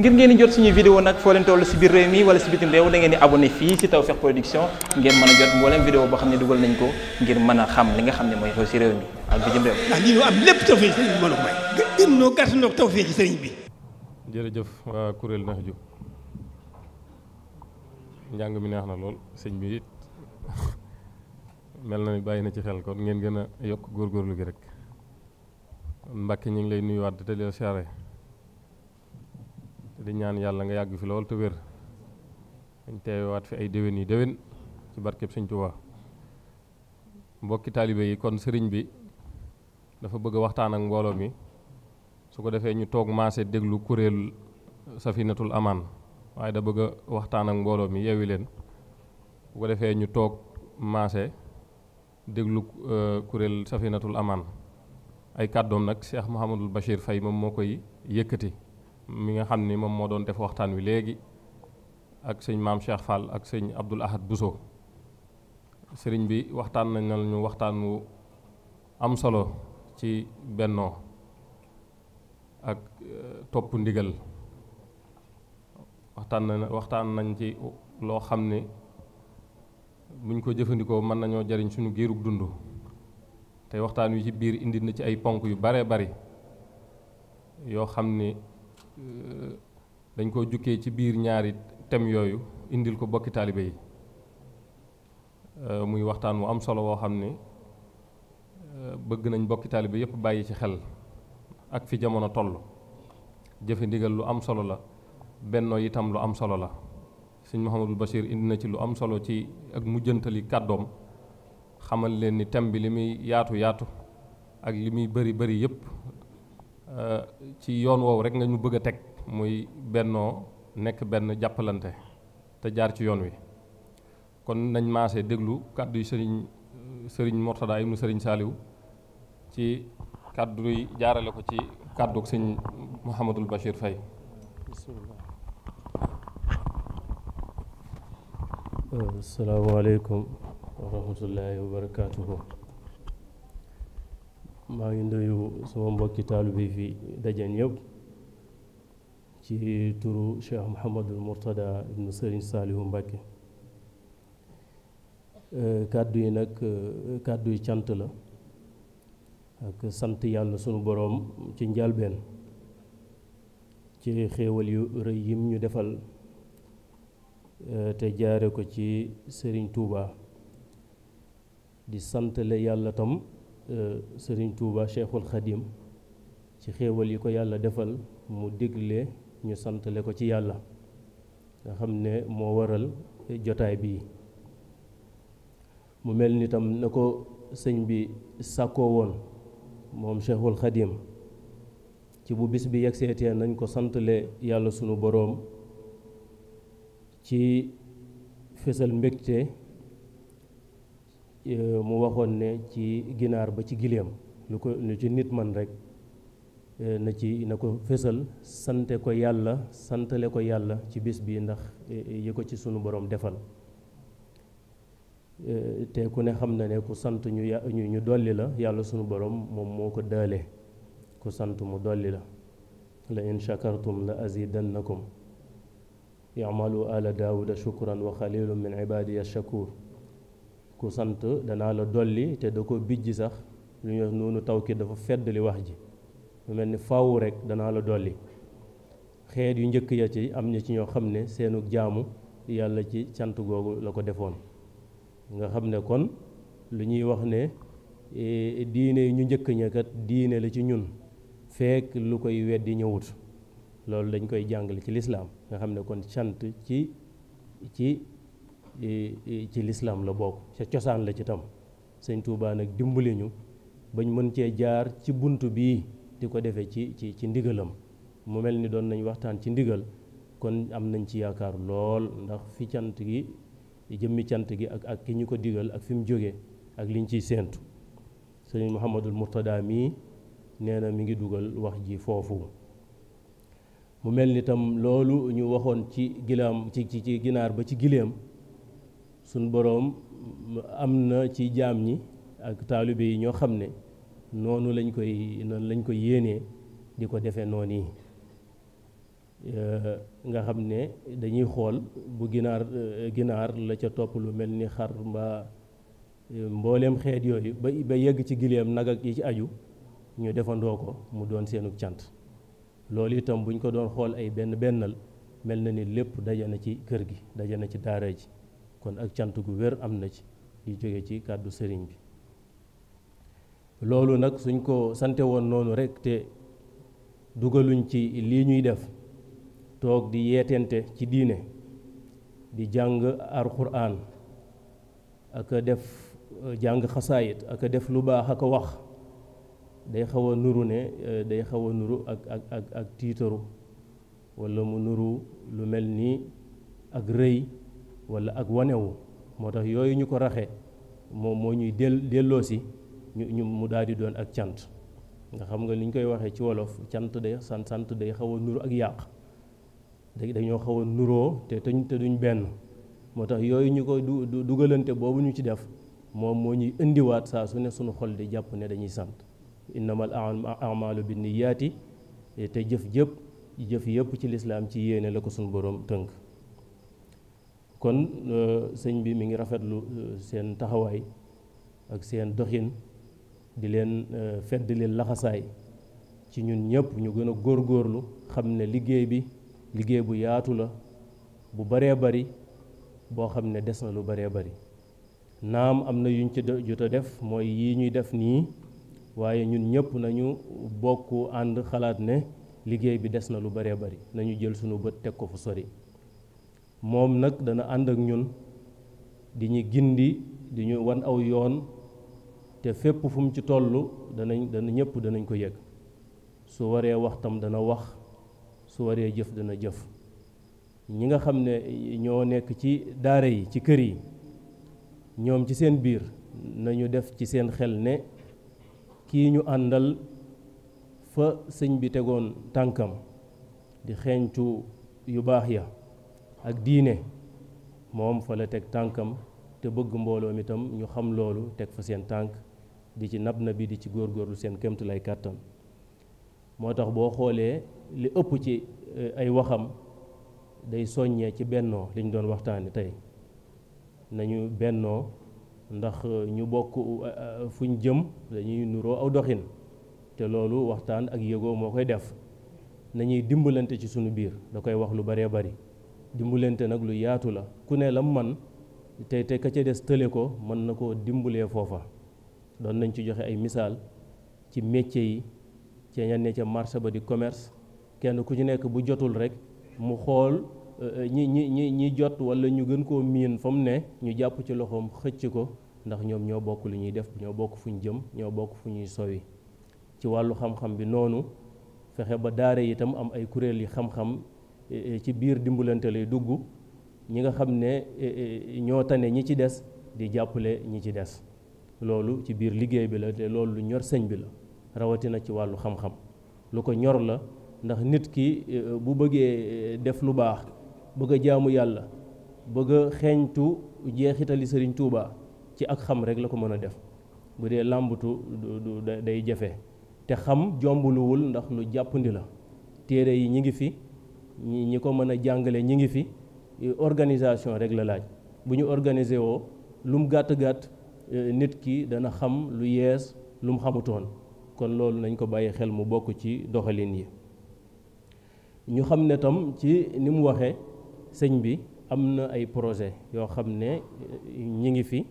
ngir ngeen di jot suñu vidéo nag foo leen toll si biir réew mi wala si bitim réew da ngeen di abonné fii si Tawfekh Production ngeen mën a jot mboolem vidéo boo xam ne dugal nañ ko ngir mën a xam li nga xam ne mooy xew si réew mi ak bi mën a ko may. gën noo gàtt noo tawfeex sëriñ bi. jërëjëf waa kuréel Nahju njàng mi neex na lool sëñ bi it mel na ni bàyyi na ci xel kon ngeen gën a yokk góorgóorlu gi rek Mbàkke ñu ngi lay nuyuwaat te di la di ñaan yàlla nga yàgg fi lool te wér dañ waat fi ay déwén yi déwén ci barkeb Sëñ Tuubaa mbokki taalibe yi kon sëriñ bi dafa bëgg a waxtaan ak mbooloo mi su ko defee ñu toog maase déglu kuréel safinatul amaan waaye da bëgg a waxtaan ak mbooloo mi yeewi leen bu defee ñu toog maase déglu euh, kuréel safinatul amaan ay kàddoom nag Cheikh Mouhamadul Bachir Faye moom moo koy yëkkati mi nga xam ni moom moo doon def waxtaan wi léegi ak sëñ maam Cheikh Fall ak sëñ Abdul Ahad Bousso sëriñ bi waxtaan nañ ñu waxtaan wu am solo ci bennoo ak euh, topp ndigal waxtaan na waxtaan nañ ci loo xam ni buñ ko jëfandikoo mën nañoo jariñ suñu giirug dund te waxtaan wi ci biir indi na ci ay ponk yu bare bari yoo xam ni Euh, dañ koo jukkee ci biir ñaari thèmes yooyu indil ko bokki taalibe yi euh, muy waxtaan wu am solo woo xam ne euh, bëgg nañ bokki taalibe yépp bàyyi ci xel ak fi jamono toll jëfe ndigal lu am solo la bennoo itam lu am solo la sëñ Mouhamadul Bachir indi na ci lu am solo ci ak mujjantali kàddoom xamal leen ni thème bi li muy yaatu yaatu ak li muy bëri bari yépp Euh, ci yoon woowu rek nga ñu bëgg a teg muy bennoo nekk benn jàppalante te jaar ci yoon wi kon nañ maasee déglu kàddu yi sëriñ sëriñ Mortada mu sëriñ Saaliw ci kàddu yi jaarale ko ci kàddu sëñ Mouhamadul Bachir Faye asalaamaaleykum wa rahmatullahi maa ngi nuyu sama mbokki taalibe fi daje ñëpp ci turu Cheikh Mouhamadul Mourtada ibnu Serigne Salihu Mbacke euh, kàddu yi nag euh, kàddu yi cant la ak sant yàlla sunu boroom ci njalbeen ci xéewal yu rëy yim ñu defal euh, te jaare ko ci Serigne Touba di sant yàlla tam sëriñ tuuba Cheikhul Khadim ci xéewal yi ko yàlla defal mu digle ñu santale ko ci yàlla nga xam ne moo waral jotaay bii mu mel ni tam na ko sëñ bi sàkkoo woon moom Cheikhul Khadim ci bu bis bi yegseetee nañ ko santale yàlla sunu boroom ci fésal mbegte Euh, mu waxoon ne ci ginaar ba ci giléem lu ko lu ci nit man rek euh, na ci na ko fësal sante ko yàlla santale ko yàlla ci bis bii ndax euh, yi ko ci sunu boroom defal te ku ne xam na ne ku sant ñu ya ñu dolli la yàlla sunu borom moom moo ko daale ku sant mu dolli la la in shakartum la azidannakum yamalu ala daawuda shukran wa xalilun min ibadiya shakur ku sant danaa la dolli te da ko bijji sax lu ñu noonu taw kii dafa feddali wax ji mel ni faaw rek danaa la dolli xeet yu njëkk ya ci am na ci ñoo xam ne seenu jaamu yàlla ci sant googu la ko defoon nga xam ne kon lu ñuy wax ne e, diine ñu njëkk ña kat diine la ci ñun fekk lu koy weddi ñëwut loolu dañ koy jàngale ci lislaam nga xam ne kon cant ci ci ci lislaam la bokk ca cosaan la ci tam sëñ Touba nag dimbali ñu bañ mën cee jaar ci bunt bii di ko defe ci ci ci ndigalam mu mel ni doon nañ waxtaan ci ndigal kon am nañ ci yaakaar lool ndax fi cant gi jëmmi cant gi ak ak ki ñu ko digal ak fi mu jóge ak liñ ciy séentu sëñ Mouhamadul Mourtada mii nee na mi ngi dugal wax ji foofu mu mel ni tam loolu ñu waxoon ci gilaam ci ci ginaar ba ci gileem suñ boroom am na ci jaam ñi ak taalibe yi ñoo xam ne noonu lañ koy noonu lañ koy yéenee di ko defee noonu yi eh, nga xam ne dañuy xool bu ginaar eh, ginaar la ca topp lu mel ni xar mbaa eh, mbooleem xeet yooyu ba yegg ci gileem nag ak yi ci aju ñu defandoo ko mu doon seenu cant loolu itam buñ ko doon xool ay benn bennal mel na ni lépp daje na ci kër gi daje na ci daara ji kon ak cant gu wér am na ci di jóge ci kàddu sëriñ bi loolu nag suñ ko sante woon noonu rek te dugaluñ ci lii ñuy def toog di yeetente ci diine di jàng alxuraan ak def euh, jàng xasaayit ak def lu baax ak wax day xaw a nuru ne euh, day xaw a nuru ak ak ak ak tiitaru walla mu nuru lu mel nii ak rëy wala ak wanewu moo tax yooyu ñu ko raxe moom moo ñuy del delloo si ñu mu daal di doon ak cant nga xam nga li ñu koy waxee ci wolof cant day sant sant day xaw a nuru ak yàq dañoo xaw nuroo te te duñ benn moo tax yooyu ñu ko dugalante boobu ñu ci def moom moo ñuy indiwaat saa su ne suñu xol di jàpp ne dañuy sant innamal amalu bi niyaati te jëf jëpp jëf yëpp ci lislaam ci yéene la ko suñu borom tënk kon euh, sëñ bi mi ngi rafetlu euh, seen taxawaay ak seen doxin di leen euh, fedd leen laxasaay ci ñun ñëpp ñu gën a góorlu xam ne liggéey bi liggéey bu yaatu la bu baree bari boo xam ne des na lu baree bari naam am na yuñ ci jot a def mooy yii ñuy def nii waaye ñun ñëpp nañu bokk ànd xalaat ne liggéey bi des na lu baree bari nañu jël sunu bët teg ko fu sori moom nag dana ànd ak ñun di ñu gindi di ñu wan aw yoon te fépp fu ci tollu danañ dana ñëpp danañ ko yëg su waree waxtam tam dana wax su waree jëf dana jëf ñi nga xam ne ñoo nekk ci daara yi ci kër yi ñoom ci seen biir nañu def ci seen xel ne kii ñu àndal fa sëñ bi tegoon tànkam di xeeñtu yu baax ya ak diine moom fa la teg tànkam te bëgg mbooloo mi tam ñu xam loolu teg fa seen tànk di ci nab na bi di ci góor góorlu seen kémtu lay kàttan moo tax boo xoolee li ëpp ci eh, ay waxam day soññee ci bennoo liñ doon waxtaane tey nañu bennoo ndax eh, ñu bokk eh, fuñ jëm dañuy nuroo aw doxin te loolu waxtaan ak yëgoo moo koy def nañuy dimbalante ci sunu biir da koy wax lu baree bari dimbalante nag lu yaatu la ku ne lam man te tey ka ca des tële ko mën na koo dimbalee foofa doon nañ ci joxe ay misaal ci métier yi ci ñan ne ca marché ba di commerce kenn ku ci nekk bu jotul rek mu xool euh, ñi ñi ñi ñi jot walla ñu gën koo miin fa mu ne ñu jàpp ci loxoom xëcc ko ndax ñoom ñoo bokk lu ñuy def ñoo bokk fu ñu jëm ñoo bokk fu ñuy sowi ci wàllu xam-xam bi noonu fexe ba daare itam am ay kuréel yi xam-xam Eh, ci biir dimbalante lay dugg ñi nga xam ne eh, eh, ñoo tane ñi ci des di jàppale ñi ci des loolu ci biir liggéey bi la te loolu lu ñor sëñ bi la rawatina ci wàllu xam-xam lu ko ñor la ndax nit ki bu bëggee def lu baax bëgg a jaamu yàlla bëgg xeeñtu jeexitali sëriñ Tuubaa ci ak xam rek la ko mën a def bu dee làmbatu day jafe te xam jombuluwul ndax lu jàppandi la téere yi ñi ngi fi ñi ñi ko mën a jàngale ñi ngi fi organisation rek la laaj bu ñu organiser woo lu mu gàtt-gàtt e, nit ki dana xam lu yees lu mu xamutoon kon loolu nañ ko bàyyi xel mu bokk ci doxalin yi ñu xam ne tam ci ni mu waxee sëñ bi am na ay projet yoo xam ne e, ñi ngi fi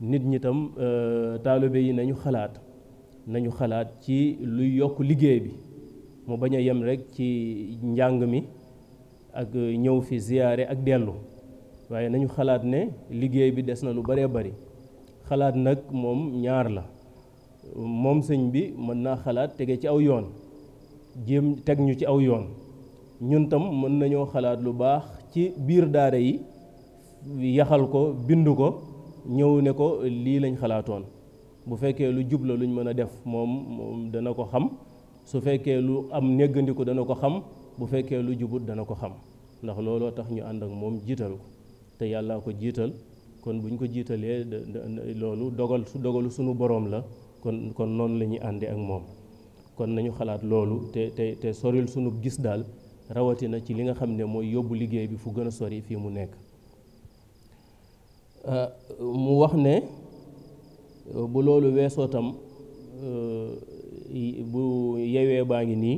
nit ñi tam e, taalibe yi nañu xalaat nañu xalaat ci luy yokk liggéey bi mu bañ a yem rekk ci njàng mi ak ñëw fi ziyaare ak dellu waaye nañu xalaat ne liggéey bi des na lu bëree bari xalaat nag moom ñaar la moom sëñ bi mën naa xalaat tege ci aw yoon jéem teg ñu ci aw yoon ñun tam mën nañoo xalaat lu baax ci biir daara yi yaxal ko bind ko ñëw ne ko lii lañ xalaatoon bu fekkee lu jubla luñ mën a def moom moom dana ko xam su fekkee lu am néggandiku dana ko xam bu fekkee lu jubut dana ko xam ndax looloo tax ñu ànd ak moom jiital ko te yàlla ko jiital kon buñ ko jiitalee loolu dogal su dogalu sunu boroom la kon kon noonu lañuy ñuy àndi ak moom kon nañu xalaat loolu te te te soril sunu gis daal rawatina ci li nga xam ne mooy yóbbu liggéey bi fu gën a sori fii mu nekk euh, mu wax ne bu loolu weesoo tam euh, bu yewee baa ngi nii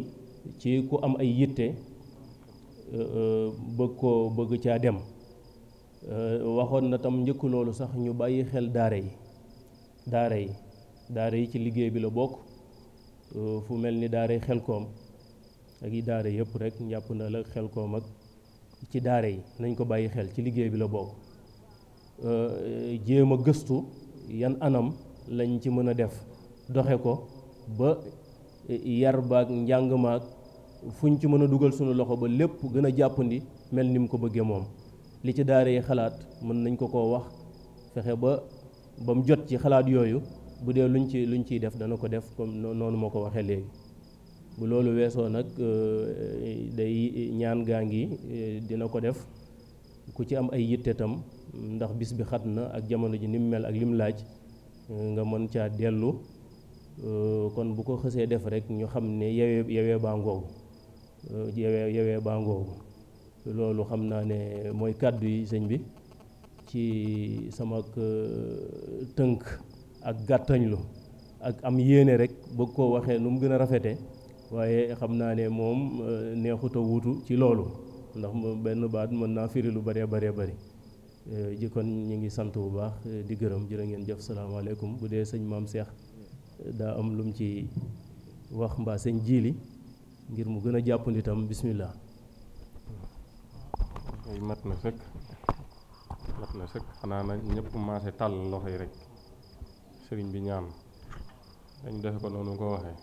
ci ku am ay yitte euh, euh, bëgg koo bëgg caa dem euh, waxoon na tam njëkk loolu sax ñu bàyyi xel daara yi daara yi daara yi ci liggéey bi la bokk fu mel ni daara yi xel koom ak yi daara yëpp rek njàpp na la xel koom ak ci daara yi nañ ko bàyyi xel ci liggéey bi la bokk jéem a gëstu yan anam lañ ci mën a def doxe ko ba e, yar baag njàng maag fuñ ci mën a dugal sunu loxo ba lépp gën a jàppandi mel ni mu ko bëggee moom li ci daara yi xalaat mën nañ ko koo wax fexe ba ba mu jot ci xalaat yooyu bu dee luñ ci luñ ciy def dana ko def comme noonu moo ko waxee léegi bu loolu weesoo nag e, day ñaan gaa ngi e, dina ko def ku ci am ay yitte tam ndax bis bi xat na ak jamono ji ni mu mel ak lim laaj nga mën caa dellu Euh, kon bu ko xësee def rek ñu xam ne yewee yewee baa ngoogu euh, yewee yewee baa ngoogu loolu xam naa ne mooy kàddu yi sëñ bi ci sama euh, tënk ak gàttañlu ak am yéene rek bëgg koo waxee nu mu gën a rafete waaye xam naa ne moom neexut a wuutu ci loolu ndax benn baat mën naa firi lu bëree bëree bëri ji kon ñu ngi sant bu baax di gërëm jërë ngeen jëf salaamaaleykum bu dee sëñ maam Cheikh daa am lu ci wax mbaa sëñ jiili ngir mu gën a jàppandi itam bisimilah. mat na sëkk mat na sëkk xanaa na ñëpp maase tàll loxo yi rek sëriñ bi ñaan dañ defe ko noonu ko waxee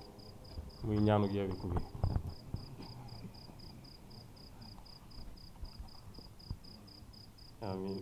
muy ñaanuk yawiku bi amiin